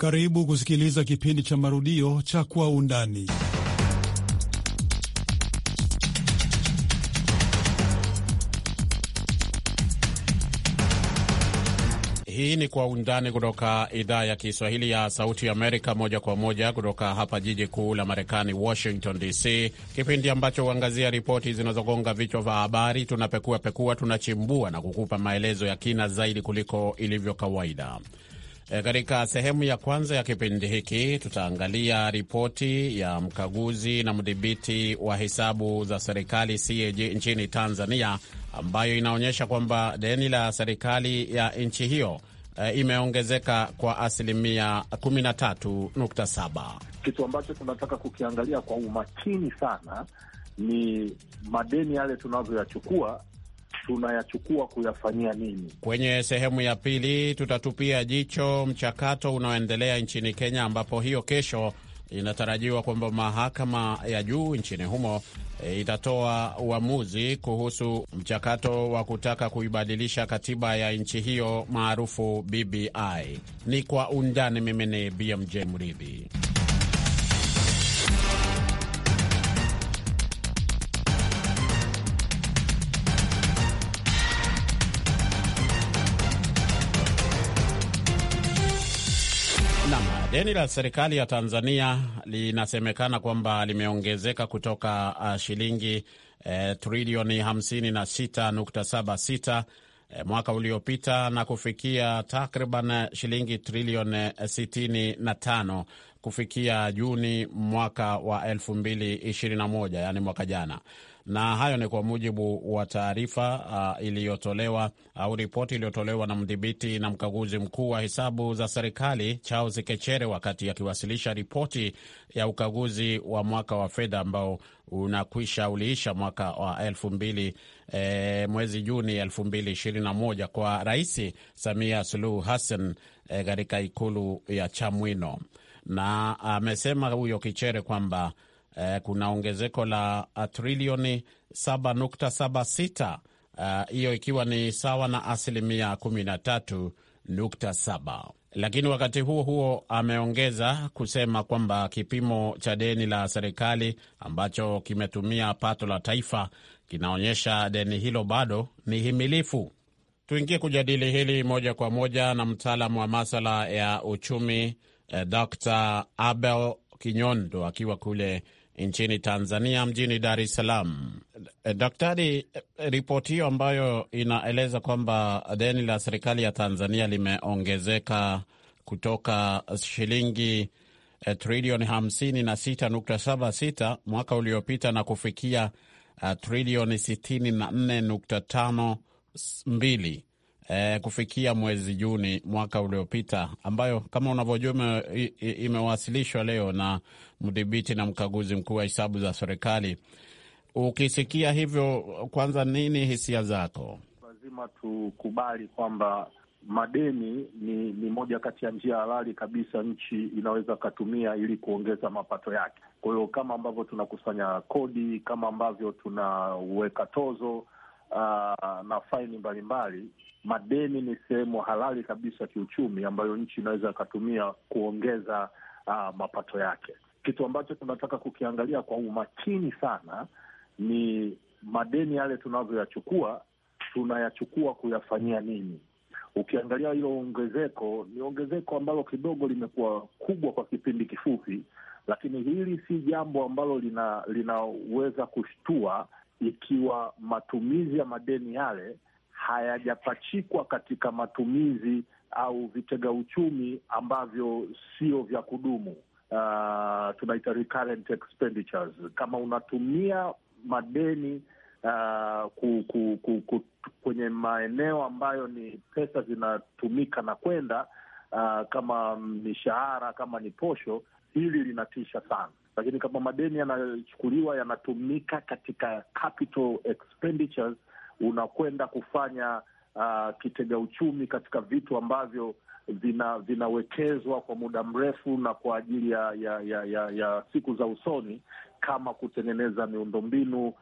Karibu kusikiliza kipindi cha marudio cha Kwa Undani. Hii ni Kwa Undani kutoka idhaa ya Kiswahili ya Sauti ya Amerika, moja kwa moja kutoka hapa jiji kuu la Marekani, Washington DC, kipindi ambacho huangazia ripoti zinazogonga vichwa vya habari. Tunapekua pekua, tunachimbua na kukupa maelezo ya kina zaidi kuliko ilivyo kawaida. E, katika sehemu ya kwanza ya kipindi hiki tutaangalia ripoti ya mkaguzi na mdhibiti wa hesabu za serikali CAG nchini Tanzania ambayo inaonyesha kwamba deni la serikali ya nchi hiyo e, imeongezeka kwa asilimia 13.7. Kitu ambacho tunataka kukiangalia kwa umakini sana ni madeni yale tunavyoyachukua tunayachukua kuyafanyia nini. Kwenye sehemu ya pili, tutatupia jicho mchakato unaoendelea nchini Kenya, ambapo hiyo kesho inatarajiwa kwamba mahakama ya juu nchini humo eh, itatoa uamuzi kuhusu mchakato wa kutaka kuibadilisha katiba ya nchi hiyo maarufu BBI. Ni kwa undani. Mimi ni BMJ Mridhi. Deni la serikali ya Tanzania linasemekana kwamba limeongezeka kutoka uh, shilingi eh, trilioni 56.76 eh, mwaka uliopita na kufikia takriban eh, shilingi trilioni 65 eh, kufikia Juni mwaka wa 2021, yani mwaka jana na hayo ni kwa mujibu wa taarifa uh, iliyotolewa au uh, ripoti iliyotolewa na mdhibiti na mkaguzi mkuu wa hesabu za serikali Charles Kechere wakati akiwasilisha ripoti ya ukaguzi wa mwaka wa fedha ambao unakwisha uliisha mwaka wa elfu mbili e, mwezi Juni elfu mbili ishirini na moja kwa Rais Samia Suluhu Hassan eh, katika e, ikulu ya Chamwino, na amesema huyo Kichere kwamba eh, kuna ongezeko la eh, trilioni 7.76 eh, hiyo, uh, ikiwa ni sawa na asilimia 13.7. Lakini wakati huo huo ameongeza kusema kwamba kipimo cha deni la serikali ambacho kimetumia pato la taifa kinaonyesha deni hilo bado ni himilifu. Tuingie kujadili hili moja kwa moja na mtaalamu wa masala ya uchumi eh, Dr. Abel Kinyondo akiwa kule nchini Tanzania, mjini Dar es Salaam. Eh, daktari, eh, ripoti hiyo ambayo inaeleza kwamba deni la serikali ya Tanzania limeongezeka kutoka shilingi eh, trilioni 56.76 mwaka uliopita na kufikia trilioni 64.52 eh, kufikia mwezi Juni mwaka uliopita ambayo kama unavyojua imewasilishwa leo na mdhibiti na mkaguzi mkuu wa hesabu za serikali. Ukisikia hivyo, kwanza, nini hisia zako? Lazima tukubali kwamba madeni ni, ni moja kati ya njia halali kabisa nchi inaweza katumia ili kuongeza mapato yake. Kwa hiyo kama ambavyo tunakusanya kodi, kama ambavyo tunaweka tozo Uh, na faini mbalimbali, madeni ni sehemu halali kabisa kiuchumi ambayo nchi inaweza ikatumia kuongeza uh, mapato yake kitu ambacho tunataka kukiangalia kwa umakini sana ni madeni yale tunavyoyachukua, tunayachukua kuyafanyia nini? Ukiangalia hilo ongezeko, ni ongezeko ambalo kidogo limekuwa kubwa kwa kipindi kifupi, lakini hili si jambo ambalo lina linaweza kushtua ikiwa matumizi ya madeni yale hayajapachikwa katika matumizi au vitega uchumi ambavyo sio vya kudumu uh, tunaita recurrent expenditures. Kama unatumia madeni uh, ku, ku, ku, ku, kwenye maeneo ambayo ni pesa zinatumika na kwenda uh, kama mishahara, kama ni posho, hili linatisha sana lakini kama madeni yanachukuliwa yanatumika katika capital expenditures, unakwenda kufanya uh, kitega uchumi katika vitu ambavyo vina vinawekezwa kwa muda mrefu na kwa ajili ya ya, ya, ya ya siku za usoni kama kutengeneza miundombinu uh,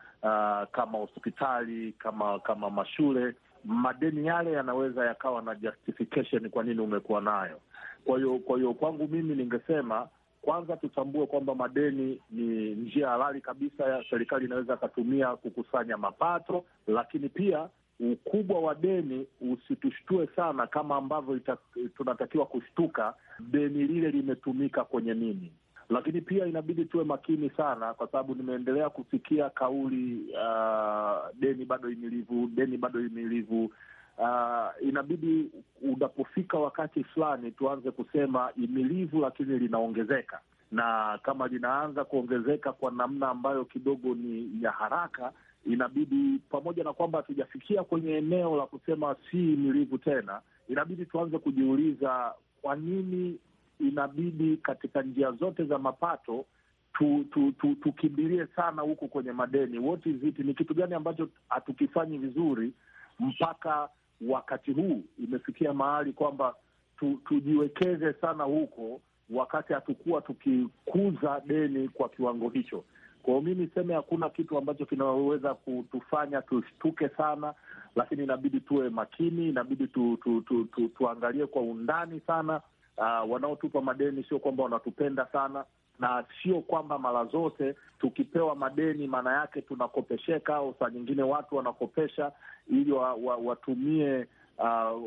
kama hospitali kama kama mashule. Madeni yale yanaweza yakawa na justification kwa nini umekuwa nayo. Kwa hiyo kwa hiyo kwangu mimi ningesema kwanza tutambue kwamba madeni ni njia halali kabisa ya serikali inaweza akatumia kukusanya mapato, lakini pia ukubwa wa deni usitushtue sana kama ambavyo tunatakiwa kushtuka deni lile limetumika kwenye nini. Lakini pia inabidi tuwe makini sana, kwa sababu nimeendelea kusikia kauli uh, deni bado imilivu, deni bado imilivu. Uh, inabidi unapofika wakati fulani tuanze kusema imilivu, lakini linaongezeka, na kama linaanza kuongezeka kwa namna ambayo kidogo ni ya haraka inabidi pamoja na kwamba hatujafikia kwenye eneo la kusema si milivu tena, inabidi tuanze kujiuliza kwa nini inabidi katika njia zote za mapato tukimbilie tu, tu, tu sana huku kwenye madeni. What is it? Ni kitu gani ambacho hatukifanyi vizuri mpaka wakati huu imefikia mahali kwamba tu, tujiwekeze sana huko wakati hatukuwa tukikuza deni kwa kiwango hicho. Kwao mi niseme hakuna kitu ambacho kinaweza kutufanya tushtuke sana, lakini inabidi tuwe makini, inabidi tu, tu, tu, tu, tuangalie kwa undani sana. Uh, wanaotupa madeni sio kwamba wanatupenda sana na sio kwamba mara zote tukipewa madeni maana yake tunakopesheka, au saa nyingine watu wanakopesha ili wa, wa, watumie uh,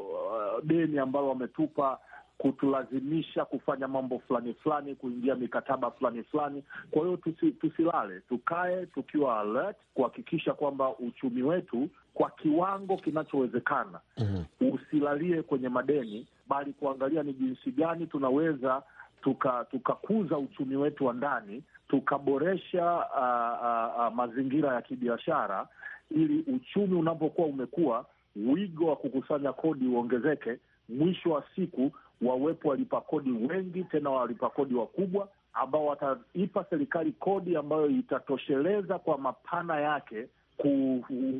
deni ambalo wametupa kutulazimisha kufanya mambo fulani fulani, kuingia mikataba fulani fulani. Kwa hiyo tusi, tusilale, tukae tukiwa alert kuhakikisha kwamba uchumi wetu kwa kiwango kinachowezekana mm -hmm. usilalie kwenye madeni, bali kuangalia ni jinsi gani tunaweza tukakuza tuka uchumi wetu wa ndani tukaboresha uh, uh, uh, mazingira ya kibiashara ili uchumi unapokuwa umekuwa wigo wa kukusanya kodi uongezeke, mwisho wa siku wawepo walipa kodi wengi, tena walipa kodi wakubwa ambao wataipa serikali kodi ambayo itatosheleza kwa mapana yake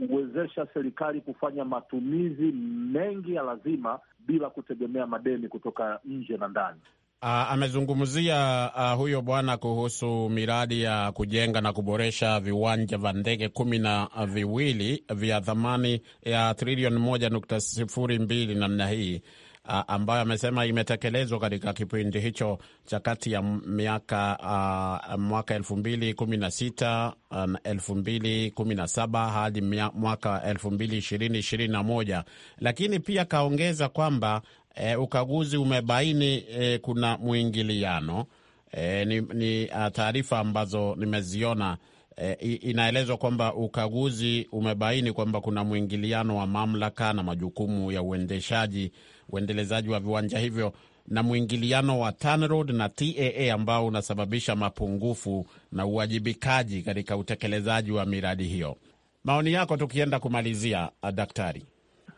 kuwezesha serikali kufanya matumizi mengi ya lazima bila kutegemea madeni kutoka nje na ndani. Ah, amezungumzia ah, huyo bwana kuhusu miradi ya kujenga na kuboresha viwanja vya ndege kumi na viwili vya thamani ya trilioni moja nukta sifuri mbili namna hii uh, ambayo amesema imetekelezwa katika kipindi hicho cha kati ya miaka uh, mwaka elfu mbili kumi na sita um, elfu mbili kumi na saba hadi mwaka elfu mbili ishirini ishirini na moja lakini pia kaongeza kwamba E, ukaguzi umebaini e, kuna mwingiliano e, ni, ni taarifa ambazo nimeziona e, inaelezwa kwamba ukaguzi umebaini kwamba kuna mwingiliano wa mamlaka na majukumu ya uendeshaji uendelezaji wa viwanja hivyo na mwingiliano wa TANROADS na TAA ambao unasababisha mapungufu na uwajibikaji katika utekelezaji wa miradi hiyo. Maoni yako tukienda kumalizia, uh, daktari?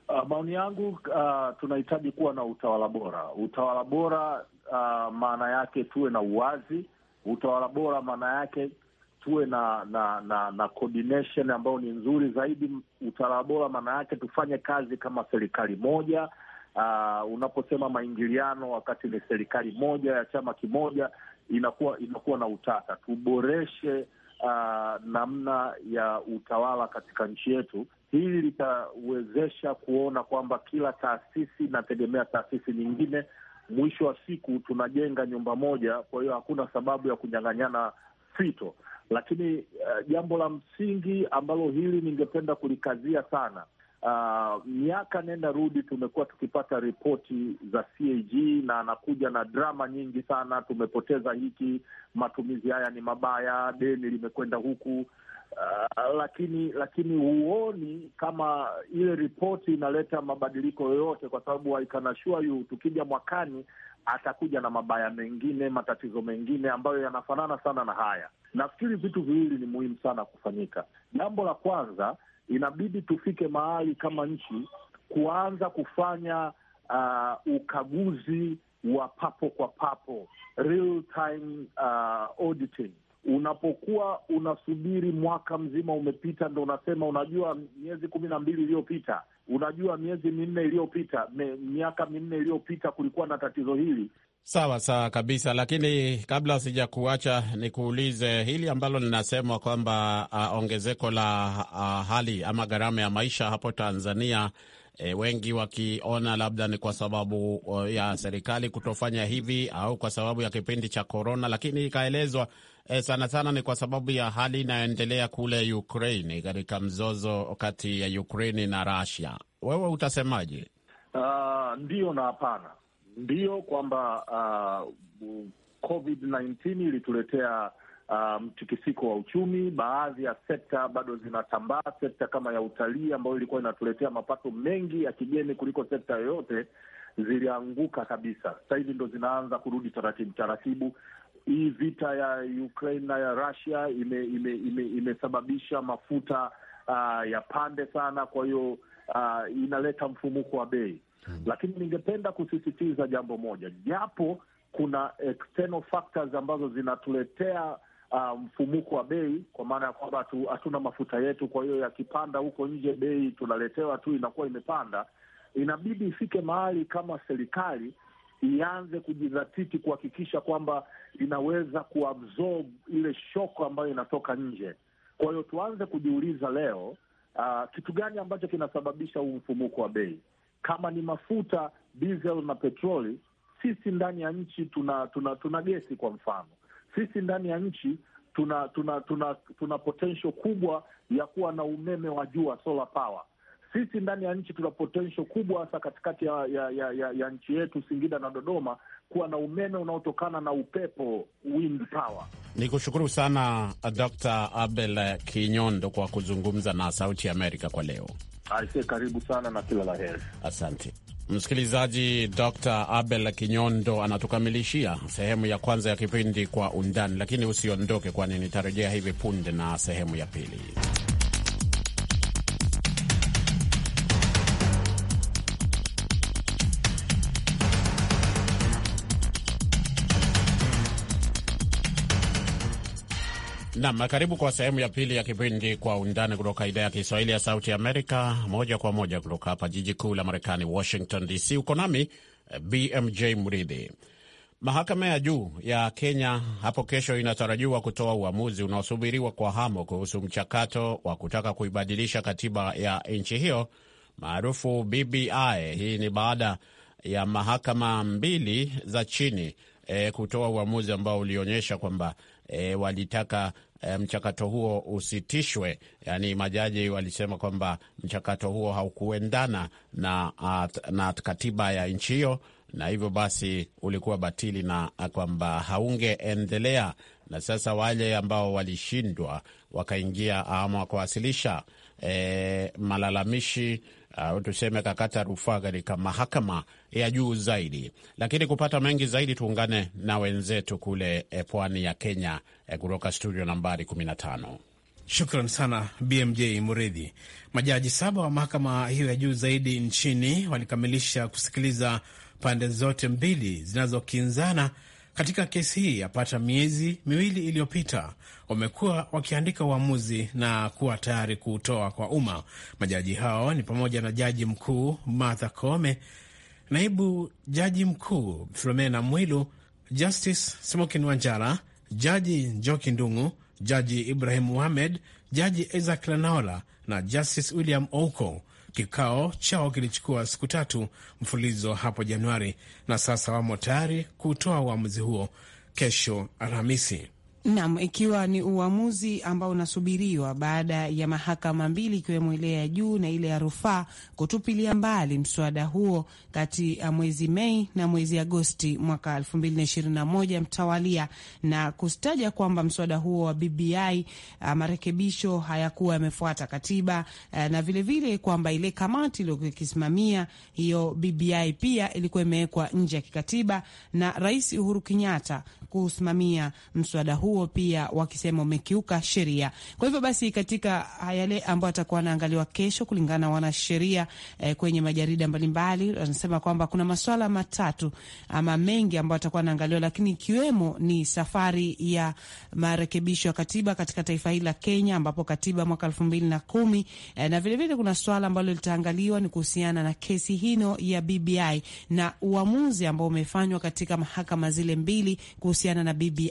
Uh, maoni yangu uh, tunahitaji kuwa na utawala bora. Utawala bora uh, maana yake tuwe na uwazi. Utawala bora maana yake tuwe na na na, na coordination ambayo ni nzuri zaidi. Utawala bora maana yake tufanye kazi kama serikali moja uh, unaposema maingiliano wakati ni serikali moja ya chama kimoja inakuwa inakuwa na utata. Tuboreshe uh, namna ya utawala katika nchi yetu. Hili litawezesha kuona kwamba kila taasisi inategemea taasisi nyingine. Mwisho wa siku tunajenga nyumba moja, kwa hiyo hakuna sababu ya kunyang'anyana fito. Lakini uh, jambo la msingi ambalo hili ningependa kulikazia sana uh, miaka nenda rudi tumekuwa tukipata ripoti za CAG na anakuja na drama nyingi sana, tumepoteza hiki, matumizi haya ni mabaya, deni limekwenda huku. Uh, lakini lakini huoni kama ile ripoti inaleta mabadiliko yoyote, kwa sababu I can assure you, tukija mwakani atakuja na mabaya mengine, matatizo mengine ambayo yanafanana sana na haya. Nafikiri vitu viwili ni muhimu sana kufanyika. Jambo la kwanza inabidi tufike mahali kama nchi kuanza kufanya uh, ukaguzi wa papo kwa papo, real time uh, auditing. Unapokuwa unasubiri mwaka mzima umepita, ndo unasema unajua miezi kumi na mbili iliyopita, unajua miezi minne iliyopita, miaka minne iliyopita kulikuwa na tatizo hili. Sawa sawa kabisa, lakini kabla sijakuacha nikuulize hili ambalo linasema kwamba uh, ongezeko la uh, hali ama gharama ya maisha hapo Tanzania E, wengi wakiona labda ni kwa sababu ya serikali kutofanya hivi au kwa sababu ya kipindi cha korona, lakini ikaelezwa e, sana sana ni kwa sababu ya hali inayoendelea kule Ukraini, katika mzozo kati ya Ukraini na Russia. Wewe utasemaje? Uh, ndio na hapana ndiyo kwamba uh, COVID-19 ilituletea uh, mtikisiko um, wa uchumi. Baadhi ya sekta bado zinatambaa, sekta kama ya utalii ambayo ilikuwa inatuletea mapato mengi ya kigeni kuliko sekta yoyote zilianguka kabisa. Sasa hivi ndo zinaanza kurudi taratibu taratibu. Hii vita ya Ukraine na ya Russia imesababisha ime, ime, ime mafuta uh, ya pande sana, kwa hiyo uh, inaleta mfumuko wa bei hmm. Lakini ningependa kusisitiza jambo moja, japo kuna external factors ambazo zinatuletea uh, mfumuko um, wa bei, kwa maana ya kwamba hatuna mafuta yetu, kwa hiyo yakipanda huko nje bei tunaletewa tu, inakuwa imepanda. Inabidi ifike mahali kama serikali ianze kujidhatiti kuhakikisha kwamba inaweza kuabsorb ile shoko ambayo inatoka nje. Kwa hiyo tuanze kujiuliza leo, uh, kitu gani ambacho kinasababisha huu mfumuko wa bei? Kama ni mafuta diesel na petroli, sisi ndani ya nchi tuna tuna tuna gesi. Kwa mfano, sisi ndani ya nchi tuna tuna tuna tuna potential kubwa ya kuwa na umeme wa jua, solar power. Sisi ndani ya nchi tuna potential kubwa hasa katikati ya, ya, ya, ya, ya nchi yetu Singida na Dodoma kuwa na umeme unaotokana na upepo, wind power. Ni kushukuru sana Dr. Abel Kinyondo kwa kuzungumza na Sauti Amerika kwa leo. Aise, karibu sana na kila la heri. Asante msikilizaji. Dr Abel Kinyondo anatukamilishia sehemu ya kwanza ya kipindi Kwa Undani, lakini usiondoke, kwani nitarejea hivi punde na sehemu ya pili. Nam, karibu kwa sehemu ya pili ya kipindi Kwa Undani kutoka idhaa ya Kiswahili ya Sauti Amerika, moja kwa moja kutoka hapa jiji kuu la Marekani, Washington DC. Uko nami eh, BMJ Mridhi. Mahakama ya juu ya Kenya hapo kesho inatarajiwa kutoa uamuzi unaosubiriwa kwa hamu kuhusu mchakato wa kutaka kuibadilisha katiba ya nchi hiyo maarufu BBI. Hii ni baada ya mahakama mbili za chini e, kutoa uamuzi ambao ulionyesha kwamba e, walitaka Eh, mchakato huo usitishwe. Yaani majaji walisema kwamba mchakato huo haukuendana na, na katiba ya nchi hiyo na hivyo basi ulikuwa batili na kwamba haungeendelea. Na sasa wale ambao walishindwa wakaingia ama wakawasilisha e, eh, malalamishi au uh, tuseme kakata rufaa katika mahakama ya juu zaidi. Lakini kupata mengi zaidi, tuungane na wenzetu kule eh, pwani ya Kenya eh, kutoka studio nambari 15. Shukran sana BMJ Muridhi. Majaji saba wa mahakama hiyo ya juu zaidi nchini walikamilisha kusikiliza pande zote mbili zinazokinzana katika kesi hii yapata miezi miwili iliyopita, wamekuwa wakiandika uamuzi na kuwa tayari kuutoa kwa umma. Majaji hao ni pamoja na jaji mkuu Martha Koome, naibu jaji mkuu Filomena Mwilu, Justice Smokin Wanjara, jaji Njoki Ndung'u, jaji Ibrahim Mohamed, jaji Isaac Lenaola na Justice William Ouko Kikao chao kilichukua siku tatu mfululizo hapo Januari, na sasa wamo tayari kutoa uamuzi huo kesho Alhamisi. Nam, ikiwa ni uamuzi ambao unasubiriwa baada ya mahakama mbili ikiwemo ile ya juu na ile ya rufaa kutupilia mbali mswada huo kati ya mwezi Mei na mwezi Agosti mwaka 2021 mtawalia, na kustaja kwamba mswada huo wa BBI ah, marekebisho hayakuwa yamefuata katiba ah, na vilevile kwamba ile kamati iliyokuwa ikisimamia hiyo BBI pia ilikuwa imewekwa nje ya kikatiba na Rais Uhuru Kenyatta kusimamia mswada huo huo pia wakisema umekiuka sheria. Kwa hivyo basi, katika yale ambayo atakuwa anaangaliwa kesho, kulingana na wanasheria eh, kwenye majarida mbalimbali wanasema kwamba kuna maswala matatu ama mengi ambayo atakuwa anaangaliwa, lakini ikiwemo ni safari ya marekebisho ya katiba katika taifa hili la Kenya, ambapo katiba mwaka elfu mbili na kumi eh, na vilevile vile kuna swala ambalo litaangaliwa ni kuhusiana na kesi hino ya BBI na uamuzi ambao umefanywa katika mahakama zile mbili kuhusiana na BBI.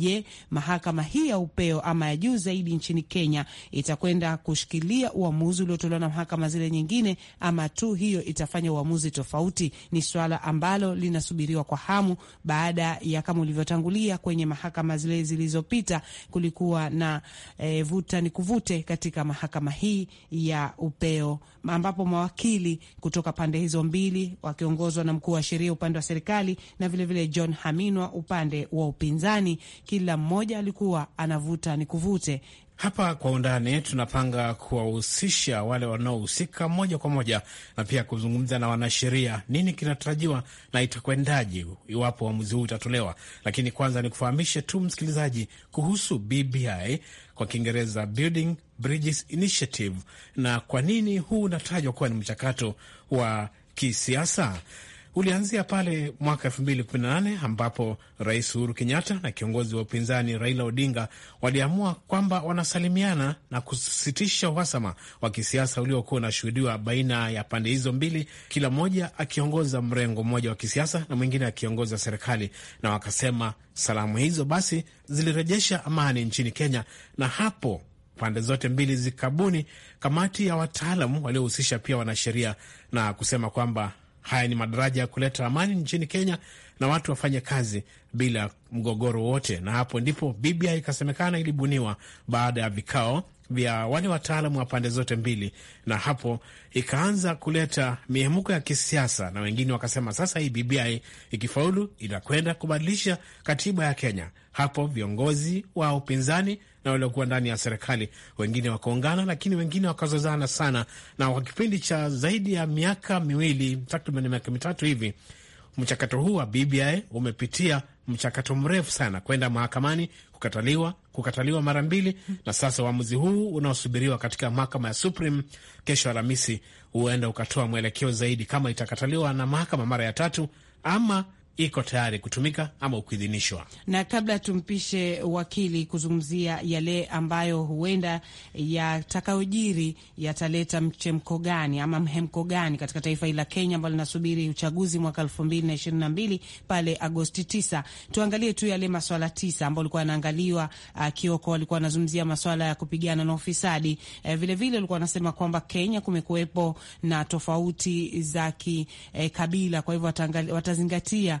Je, mahakama hii ya upeo ama ya juu zaidi nchini Kenya itakwenda kushikilia uamuzi uliotolewa na mahakama zile nyingine, ama tu hiyo itafanya uamuzi tofauti? Ni swala ambalo linasubiriwa kwa hamu, baada ya kama ulivyotangulia kwenye mahakama zile zilizopita, kulikuwa na eh, vuta ni kuvute katika mahakama hii ya upeo, ambapo mawakili kutoka pande hizo mbili wakiongozwa na mkuu wa sheria upande wa serikali na vilevile vile John Haminwa upande wa upinzani, kila mmoja mmoja alikuwa anavuta ni kuvute. Hapa kwa undani tunapanga kuwahusisha wale wanaohusika moja kwa moja na pia kuzungumza na wanasheria, nini kinatarajiwa na itakwendaje iwapo uamuzi huu utatolewa. Lakini kwanza ni kufahamishe tu msikilizaji kuhusu BBI, kwa Kiingereza Building Bridges Initiative, na kwa nini huu unatajwa kuwa ni mchakato wa kisiasa ulianzia pale mwaka 2018 ambapo Rais Uhuru Kenyatta na kiongozi wa upinzani Raila Odinga waliamua kwamba wanasalimiana na kusitisha uhasama wa kisiasa uliokuwa unashuhudiwa baina ya pande hizo mbili, kila mmoja akiongoza mrengo mmoja wa kisiasa na mwingine akiongoza serikali, na wakasema salamu hizo basi zilirejesha amani nchini Kenya, na hapo pande zote mbili zikabuni kamati ya wataalamu waliohusisha pia wanasheria na kusema kwamba Haya ni madaraja ya kuleta amani nchini Kenya na watu wafanye kazi bila mgogoro wote, na hapo ndipo BBI ikasemekana ilibuniwa baada ya vikao vya wale wataalamu wa pande zote mbili, na hapo ikaanza kuleta mihemuko ya kisiasa, na wengine wakasema sasa hii BBI ikifaulu inakwenda kubadilisha katiba ya Kenya. Hapo viongozi wa upinzani na waliokuwa ndani ya serikali wengine wakaungana, lakini wengine wakazozana sana, na kwa kipindi cha zaidi ya miaka miwili, takriban miaka mitatu hivi, mchakato huu wa BBI umepitia mchakato mrefu sana, kwenda mahakamani, kukataliwa, kukataliwa mara mbili, na sasa uamuzi huu unaosubiriwa katika mahakama ya Supreme kesho Alhamisi huenda ukatoa mwelekeo zaidi, kama itakataliwa na mahakama mara ya tatu ama iko tayari kutumika ama kuidhinishwa. Na kabla tumpishe wakili kuzungumzia yale ambayo huenda yatakayojiri yataleta mchemko gani ama mhemko gani katika taifa hili la Kenya ambalo linasubiri uchaguzi mwaka elfu mbili na ishirini na mbili pale Agosti tisa, tuangalie tu yale maswala tisa ambao alikuwa anaangaliwa. Uh, Kioko alikuwa anazungumzia maswala ya kupigana na ufisadi Uh, eh, vilevile alikuwa anasema kwamba Kenya kumekuwepo na tofauti za kikabila, uh, kwa hivyo watazingatia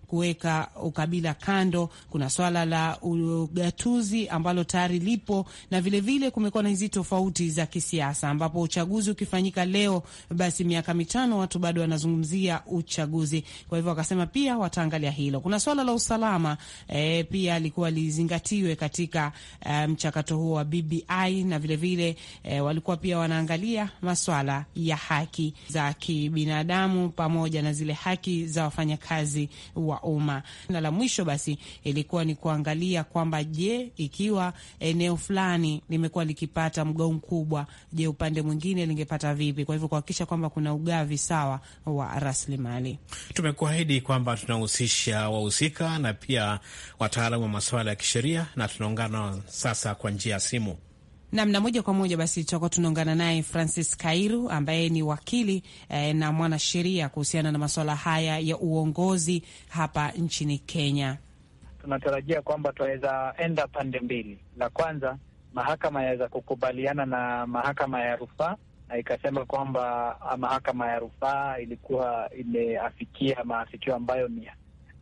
kuweka ukabila kando. Kuna swala la ugatuzi ambalo tayari lipo, na vilevile kumekuwa na hizi tofauti za kisiasa, ambapo uchaguzi ukifanyika leo, basi miaka mitano watu bado wanazungumzia uchaguzi. Kwa hivyo wakasema pia wataangalia hilo. Kuna swala la usalama e, pia alikuwa lizingatiwe katika eh, mchakato um, huo wa BBI na vilevile vile, e, walikuwa pia wanaangalia maswala ya haki za kibinadamu pamoja na zile haki za wafanyakazi wa umma. Na la mwisho basi ilikuwa ni kuangalia kwamba je, ikiwa eneo fulani limekuwa likipata mgao mkubwa, je, upande mwingine lingepata vipi? Kwa hivyo kuhakikisha kwamba kuna ugavi sawa wa rasilimali. Tumekuahidi kwamba tunahusisha wahusika na pia wataalamu wa masuala ya kisheria, na tunaungana sasa kwa njia ya simu. Namna moja kwa moja basi tutakuwa tunaungana naye Francis Kairu ambaye ni wakili eh, na mwanasheria kuhusiana na masuala haya ya uongozi hapa nchini Kenya. Tunatarajia kwamba tunaweza enda pande mbili. La kwanza, mahakama yaweza kukubaliana na mahakama ya rufaa na ikasema kwamba ah, mahakama ya rufaa ilikuwa imeafikia maafikio ambayo ni,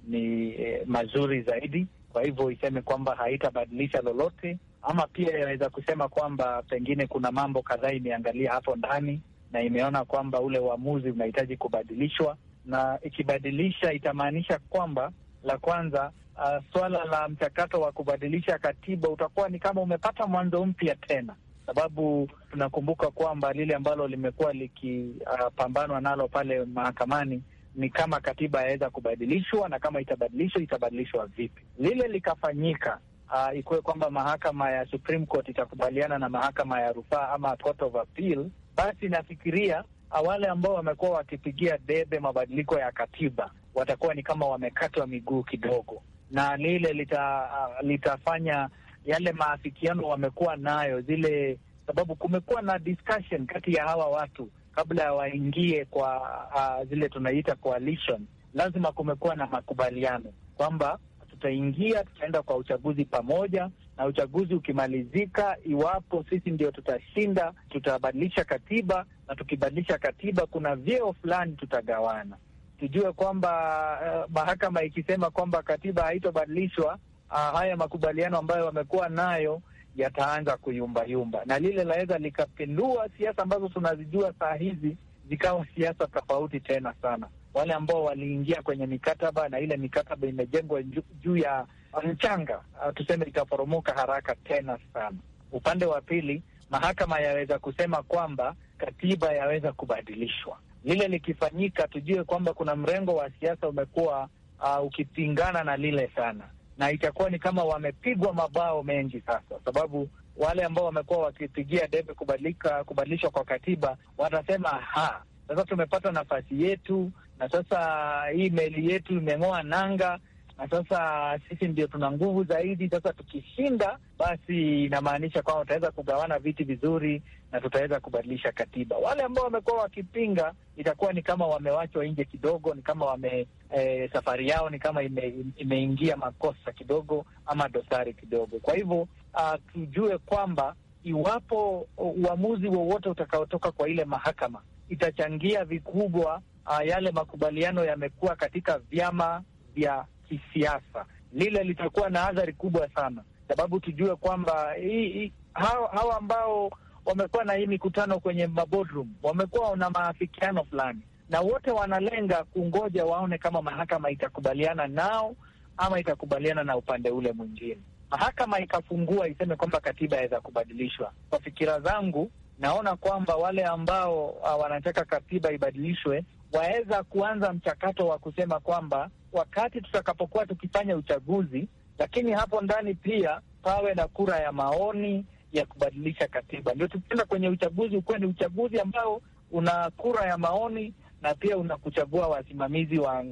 ni eh, mazuri zaidi. Kwa hivyo iseme kwamba haitabadilisha lolote ama pia inaweza kusema kwamba pengine kuna mambo kadhaa imeangalia hapo ndani na imeona kwamba ule uamuzi unahitaji kubadilishwa, na ikibadilisha itamaanisha kwamba la kwanza, uh, suala la mchakato wa kubadilisha katiba utakuwa ni kama umepata mwanzo mpya tena, sababu tunakumbuka kwamba lile ambalo limekuwa likipambanwa uh, nalo pale mahakamani ni kama katiba yaweza kubadilishwa, na kama itabadilishwa itabadilishwa vipi. Lile likafanyika uh, ikuwe kwamba mahakama ya Supreme Court itakubaliana na mahakama ya rufaa ama Court of Appeal, basi nafikiria ah, wale ambao wamekuwa wakipigia debe mabadiliko ya katiba watakuwa ni kama wamekatwa miguu kidogo, na lile lita, uh, litafanya yale maafikiano wamekuwa nayo zile, sababu kumekuwa na discussion kati ya hawa watu kabla ya waingie kwa uh, zile tunaita coalition, lazima kumekuwa na makubaliano kwamba tutaingia, tutaenda kwa uchaguzi pamoja, na uchaguzi ukimalizika, iwapo sisi ndio tutashinda, tutabadilisha katiba, na tukibadilisha katiba, kuna vyeo fulani tutagawana. Tujue kwamba uh, mahakama ikisema kwamba katiba haitobadilishwa, uh, haya makubaliano ambayo wamekuwa nayo yataanza kuyumbayumba, na lile laweza likapindua siasa ambazo tunazijua saa hizi zikawa siasa tofauti tena sana wale ambao waliingia kwenye mikataba na ile mikataba imejengwa juu ya mchanga, ah, tuseme itaporomoka haraka tena sana. Upande wa pili, mahakama yaweza kusema kwamba katiba yaweza kubadilishwa. Lile likifanyika, tujue kwamba kuna mrengo wa siasa umekuwa uh, ukipingana na lile sana, na itakuwa ni kama wamepigwa mabao mengi sasa, sababu wale ambao wamekuwa wakipigia debe kubadilika, kubadilishwa kwa katiba watasema ha, sasa tumepata nafasi yetu na sasa hii meli yetu imeng'oa nanga, na sasa sisi ndio tuna nguvu zaidi. Sasa tukishinda, basi inamaanisha kwamba tutaweza kugawana viti vizuri na tutaweza kubadilisha katiba. Wale ambao wamekuwa wakipinga, itakuwa ni kama wamewachwa nje kidogo, ni kama wame e, safari yao ni kama ime, imeingia makosa kidogo ama dosari kidogo. Kwa hivyo uh, tujue kwamba iwapo uh, uamuzi wowote utakaotoka kwa ile mahakama itachangia vikubwa uh, yale makubaliano yamekuwa katika vyama vya kisiasa, lile litakuwa na athari kubwa sana, sababu tujue kwamba hawa ambao wamekuwa na hii mikutano kwenye maboardroom wamekuwa na maafikiano fulani, na wote wanalenga kungoja waone kama mahakama itakubaliana nao ama itakubaliana na upande ule mwingine. Mahakama ikafungua iseme kwamba katiba yaweza kubadilishwa. Kwa fikira zangu, naona kwamba wale ambao ah, wanataka katiba ibadilishwe waweza kuanza mchakato wa kusema kwamba wakati tutakapokuwa tukifanya uchaguzi, lakini hapo ndani pia pawe na kura ya maoni ya kubadilisha katiba, ndio tukienda kwenye uchaguzi ukuwe ni uchaguzi ambao una kura ya maoni na pia una kuchagua wasimamizi wa,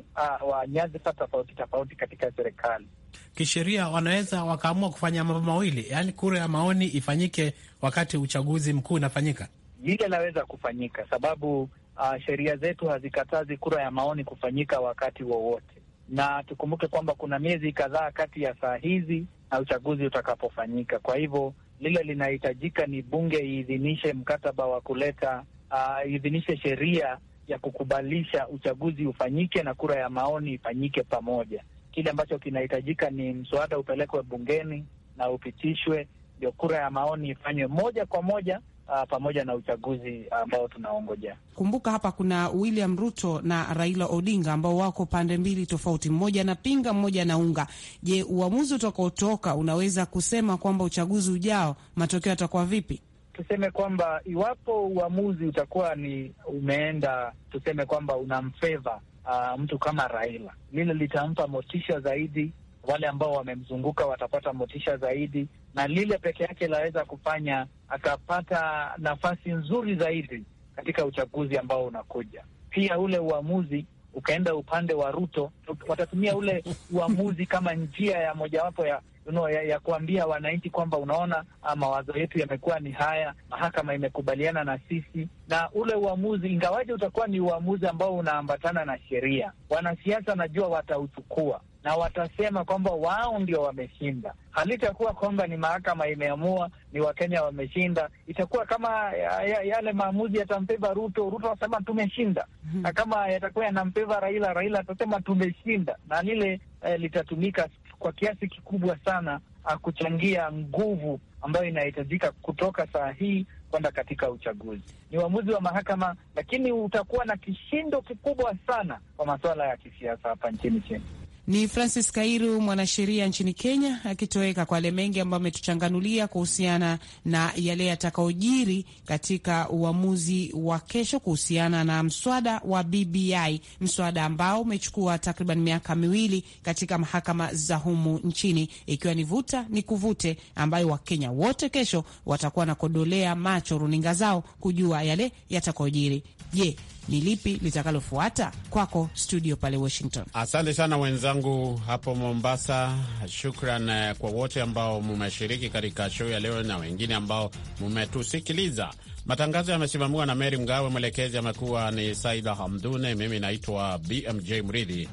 wa nyadhifa tofauti tofauti katika serikali. Kisheria wanaweza wakaamua kufanya mambo mawili, yaani kura ya maoni ifanyike wakati uchaguzi mkuu unafanyika. Hili inaweza kufanyika sababu uh, sheria zetu hazikatazi kura ya maoni kufanyika wakati wowote wa na tukumbuke kwamba kuna miezi kadhaa kati ya saa hizi na uchaguzi utakapofanyika. Kwa hivyo lile linahitajika ni bunge iidhinishe mkataba wa kuleta uh, iidhinishe sheria ya kukubalisha uchaguzi ufanyike na kura ya maoni ifanyike pamoja. Kile ambacho kinahitajika ni mswada upelekwe bungeni na upitishwe, ndio kura ya maoni ifanywe moja kwa moja uh, pamoja na uchaguzi ambao tunaongoja. Kumbuka hapa kuna William Ruto na Raila Odinga ambao wako pande mbili tofauti, mmoja anapinga, mmoja anaunga. Je, uamuzi utakaotoka unaweza kusema kwamba uchaguzi ujao matokeo yatakuwa vipi? Tuseme kwamba iwapo uamuzi utakuwa ni umeenda, tuseme kwamba unamfeva uh, mtu kama Raila, lile litampa motisha zaidi wale ambao wamemzunguka watapata motisha zaidi, na lile peke yake laweza kufanya akapata nafasi nzuri zaidi katika uchaguzi ambao unakuja. Pia ule uamuzi ukaenda upande wa Ruto, watatumia ule uamuzi kama njia ya mojawapo ya No, ya, ya kuambia wananchi kwamba unaona, ah, mawazo yetu yamekuwa ni haya, mahakama imekubaliana na sisi. Na ule uamuzi, ingawaje utakuwa ni uamuzi ambao unaambatana na sheria, wanasiasa najua watauchukua, na watasema kwamba wao ndio wameshinda. Halitakuwa kwamba ni mahakama imeamua, ni Wakenya wameshinda. Itakuwa kama yale maamuzi yatampeva Ruto, Ruto asema tumeshinda, mhm. na kama yatakuwa yanampeva Raila, Raila atasema tumeshinda, na lile eh, litatumika kwa kiasi kikubwa sana ah, kuchangia nguvu ambayo inahitajika kutoka saa hii kwenda katika uchaguzi. Ni uamuzi wa mahakama, lakini utakuwa na kishindo kikubwa sana kwa masuala ya kisiasa hapa nchini Kenya. Ni Francis Kairu, mwanasheria nchini Kenya, akitoweka kwa yale mengi ambayo ametuchanganulia kuhusiana na yale yatakaojiri katika uamuzi wa kesho kuhusiana na mswada wa BBI, mswada ambao umechukua takriban miaka miwili katika mahakama za humu nchini, ikiwa ni vuta ni kuvute, ambayo Wakenya wote kesho watakuwa nakodolea macho runinga zao kujua yale yatakaojiri. Je, ni lipi litakalofuata? Kwako studio pale Washington. Asante sana wenzangu wenzangu hapo Mombasa. Shukran eh, kwa wote ambao mmeshiriki katika show ya leo na wengine ambao mmetusikiliza. Matangazo yamesimamiwa na Meri Mgawe, mwelekezi amekuwa ni Saida Hamdune, mimi naitwa BMJ Mridhi.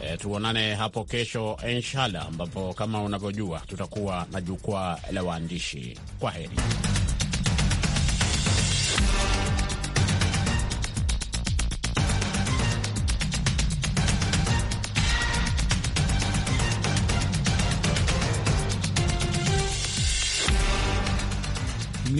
E, tuonane hapo kesho inshallah, ambapo kama unavyojua tutakuwa na jukwaa la waandishi. Kwa heri.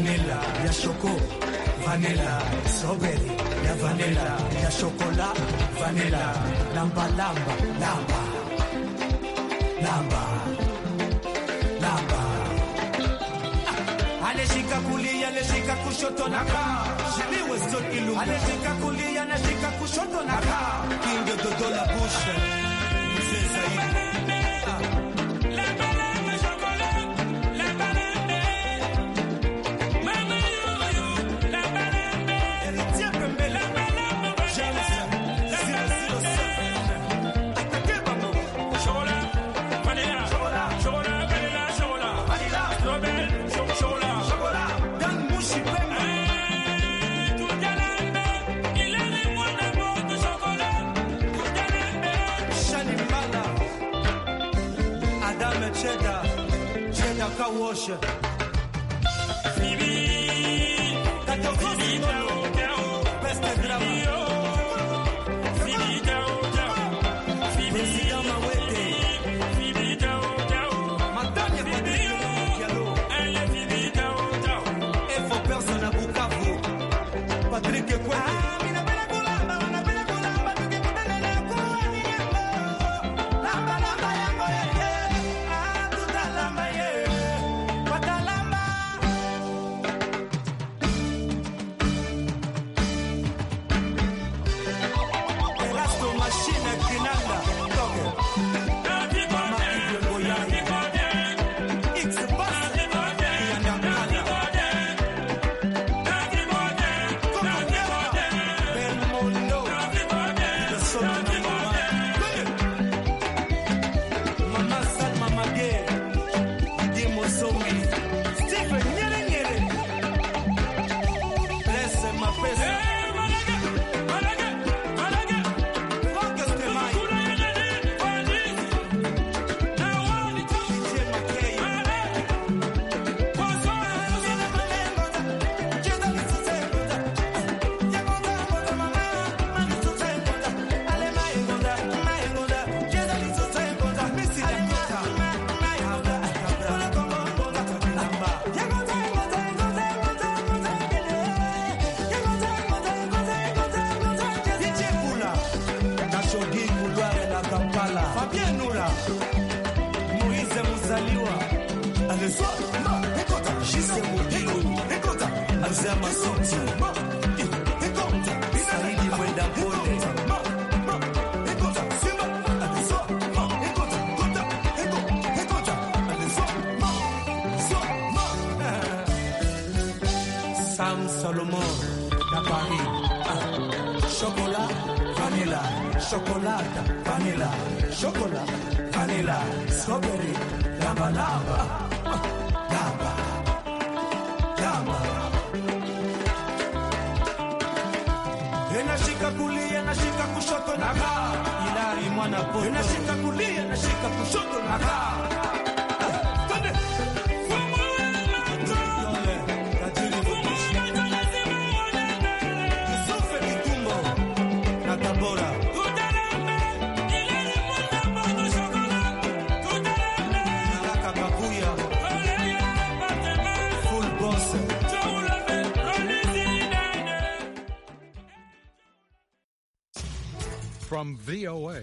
vanilla ya shoko vanilla strawberry ya vanilla ya shokola vanilla lamba lamba lamba lamba lamba ah. aleshika kulia aleshika kushoto na kaa shiliwe sio kilu aleshika kulia anashika kushoto na kaa kingo dodola busha Porsche. Salomon, à Paris. Ah. Chocolat, vanilla, chocolat, vanilla, chocolat, vanilla, strawberry, lamba lamba. Inashika ah. kulia, nashika kushoto, nakaa. Ilari mwana poto. Inashika kulia, nashika kushoto, nakaa. From VOA,